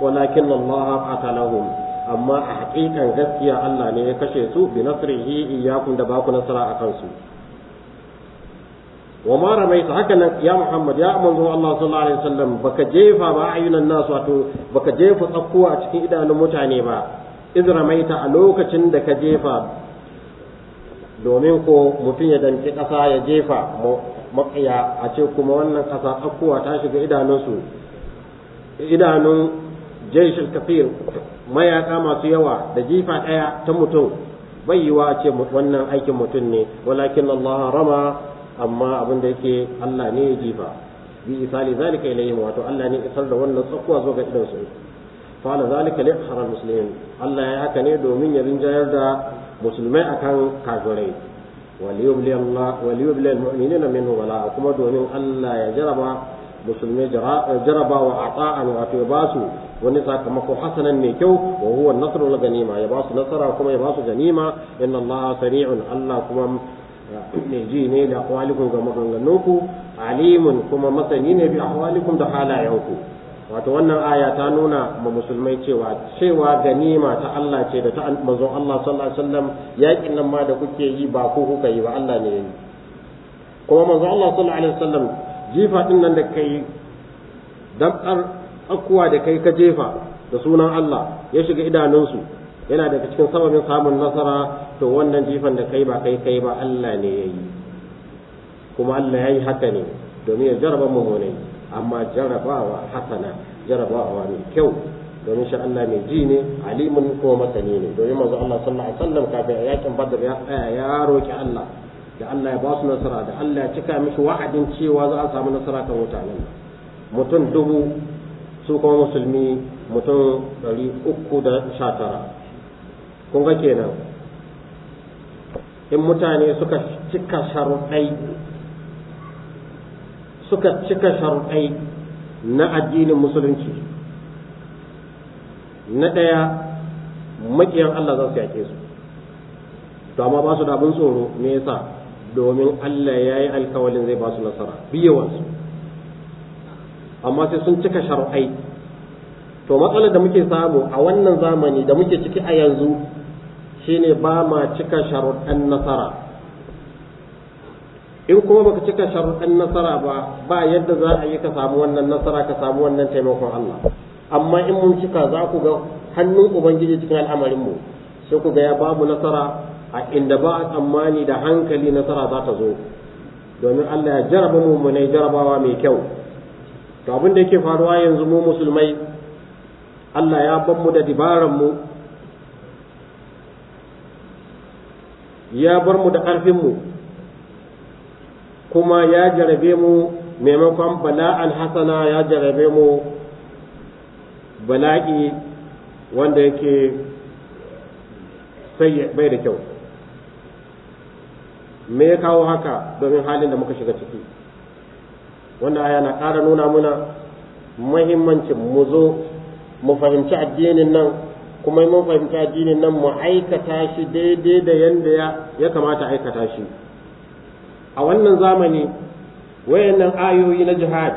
walakin Allah ta'ala amma a hakikan gaskiya Allah ne ya kashe su bi nasrihi iyyakum da baku nasara a kansu wa ma ramaita haka nan ya Muhammad ya manzo Allah sallallahu alaihi wasallam baka jefa ba ayunan nas wato baka jefa tsakkuwa cikin idanun mutane ba iz ramaita a lokacin da ka jefa domin ko mutum ya danci ƙasa ya jefa maƙiya a ce kuma wannan ƙasa tsakkuwa ta shiga idanunsu idanun jaishil kafir mayaka masu yawa da jifa ɗaya ta mutum bai yiwa ce wannan aikin mutum ne walakin Allah rama amma abin da yake Allah ne ya jifa bi isali zalika ilayhim wato Allah ne isar da wannan tsakuwa zuwa ga idan su fala zalika li haram muslimin Allah ya haka ne domin ya rinjayar da musulmai akan kafirai waliyubli Allah waliyubli almu'minina minhu wala kuma domin Allah ya jaraba musulmai jaraba wa ata'an wato ya basu wani sakamako hasanan mai kyau wa huwa nasru la ganima ya ba su nasara kuma ya ba su ganima inna allaha sari'un allah kuma ne eh, ji ne da ahwalikum ga maganganunku alimun kuma masani ne bi ahwalikum da halayenku wato wannan aya ta nuna ma musulmai cewa cewa ganima ta Allah ce da ta manzon Allah sallallahu alaihi wasallam yakin nan ma da kuke yi ba ku kuka yi ba Allah ne yi kuma manzon Allah sallallahu alaihi wasallam jifa din nan da kai dan tsakuwa da kai ka jefa da sunan Allah ya shiga idanunsu yana daga cikin sababin samun nasara to wannan jifan da kai ba kai kai ba Allah ne ya yi kuma Allah ya yi haka ne domin ya jaraba mummunai amma jarabawa hasana jarabawa mai kyau domin shi Allah mai ji ne alimun kuma masani ne domin manzo Allah sallallahu alaihi wasallam kafin a yakin Badr ya tsaya ya roki Allah da Allah ya ba su nasara da Allah ya cika mishi wa'adin cewa za a samu nasara kan mutanen mutum dubu su kuma musulmi mutum ɗari uku da sha tara kun ga kenan in mutane suka cika sharuɗai suka cika sharuɗai na addinin musulunci na ɗaya maƙiyar Allah za su yake su to amma ba su da abin tsoro me yasa domin Allah ya yi alkawalin zai ba su nasara biyewansu amma sai sun cika shar'ai to matsalar da muke samu a wannan zamani da muke ciki a yanzu shine ba ma cika shar'an nasara in kuma baka cika shar'an nasara ba ba yadda za a yi ka samu wannan nasara ka samu wannan taimakon Allah amma in mun cika za ku ga hannun ubangiji cikin al'amarin mu sai ku ga ya babu nasara a inda ba a tsammani da hankali nasara za ta zo domin Allah ya jarraba mu ne jarabawa mai kyau to abin da yake faruwa yanzu mu musulmai Allah ya ban mu da dibaran mu ya bar mu da ƙarfin mu kuma ya jarabe mu maimakon bala'an hasana ya jarabe mu bala'i wanda yake sai bai da kyau me ya kawo haka domin halin da muka shiga ciki wanda aya na ƙara nuna muna muhimmancin mu zo mu fahimci addinin nan kuma mun fahimci addinin nan mu aikata shi daidai da yanda ya kamata aikata shi a wannan zamani wayannan ayoyi na jihad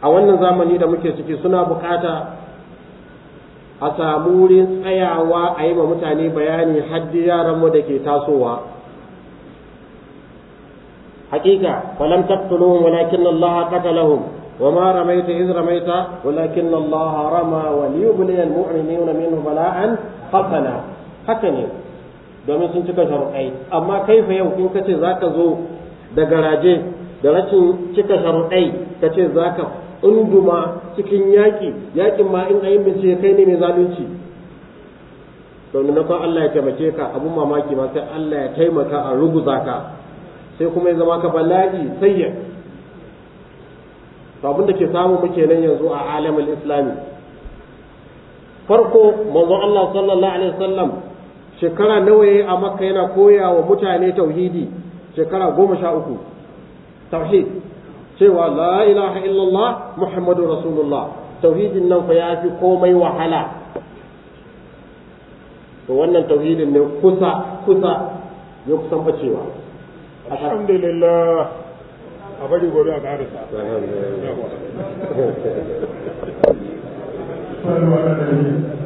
a wannan zamani da muke ciki suna bukata a samu wurin tsayawa a yi wa mutane bayani haddi yaranmu da ke tasowa حقيقة فلم تقتلوهم ولكن الله قتلهم وما رميت إذ رميت ولكن الله رمى وليبلي المؤمنين منه بلاء حسنا حسنا domin sun cika sharuɗai amma kaifa yau in ka ce za ka zo da garaje da rashin cika sharuɗai ka ce za ka unduma cikin yaƙi yaƙin ma in ayin bincike kai ne mai zalunci domin na Allah ya taimake ka abun mamaki ma sai Allah ya taimaka a ruguza ka sai kuma ya zama ka bala'i sai to abin da ke samu muke nan yanzu a alamul islami farko manzo Allah sallallahu alaihi wasallam shekara nawa yayi a makka yana koya wa mutane tauhidi shekara goma sha uku tauhid cewa la ilaha illallah muhammadu rasulullah tauhidin nan fa ya fi komai wahala to wannan tauhidin ne kusa kusa ya kusan bacewa alhamdulillah a bari gobe a karasa alhamdulillah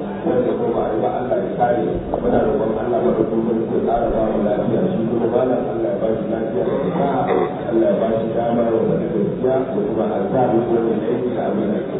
wanda ko ba a yi ba Allah ya kare muna roƙon Allah ba da kuma ko tsara ba mu lafiya shi kuma malam Allah ya ba shi lafiya da kuma Allah ya ba shi damar wa da gaskiya da kuma alfahari wanda ya yi da abin da ke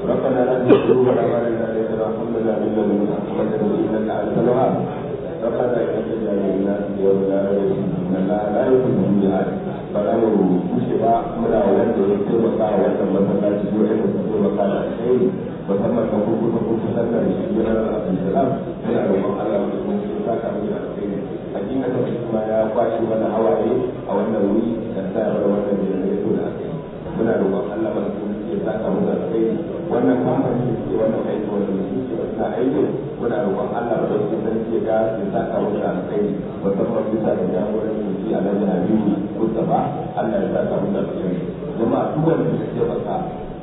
ربنا لا تزغ قلوبنا بعد إذ هديتنا من لدنك رحمة إنك أنت ربنا إنك جعل الناس يوم لا يريد لا لا يحب الجهاد فلا يريد مشي بقى ولا ولد يكتب بقى ولا مثلا تجوع ولا تجوع بقى musamman ta kuku ta kuku ta da shi yana allah da kuma shi ta kamu da alkhairi hakika ta kuma ya kwashe mana hawaye a wannan wuri da sa ya wannan jirage to da aka yi muna roƙon allah da kuma shi ta kamu da alkhairi wannan kamfani da ke wannan aiki wannan shi ke wannan aiki muna roƙon allah da kuma shi ta kamu da kamu da alkhairi musamman bisa da jagorancin shi alhaji habibu mustafa allah ya sa kamu da alkhairi jama'a duk wanda ya ce baka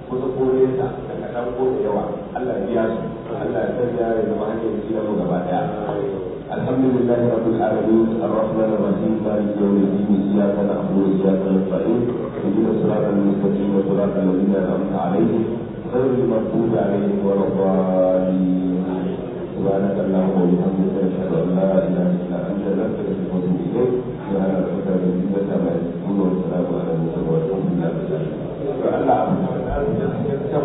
kusa kore ta ɗauko da yawa Allah biya su Allah ya sanya ya zama hanyar tsira gaba daya الحمد لله رب العالمين الرحمن الرحيم مالك يوم الدين اياك نعبد واياك نستعين اهدنا الصراط المستقيم صراط الذين انعمت عليهم غير المغضوب عليهم ولا الضالين سبحانك اللهم وبحمدك اشهد ان لا اله الا انت نستغفرك ونتوب اليك سبحان ربك رب العزه عما يصفون والسلام على المرسلين والحمد لله رب العالمين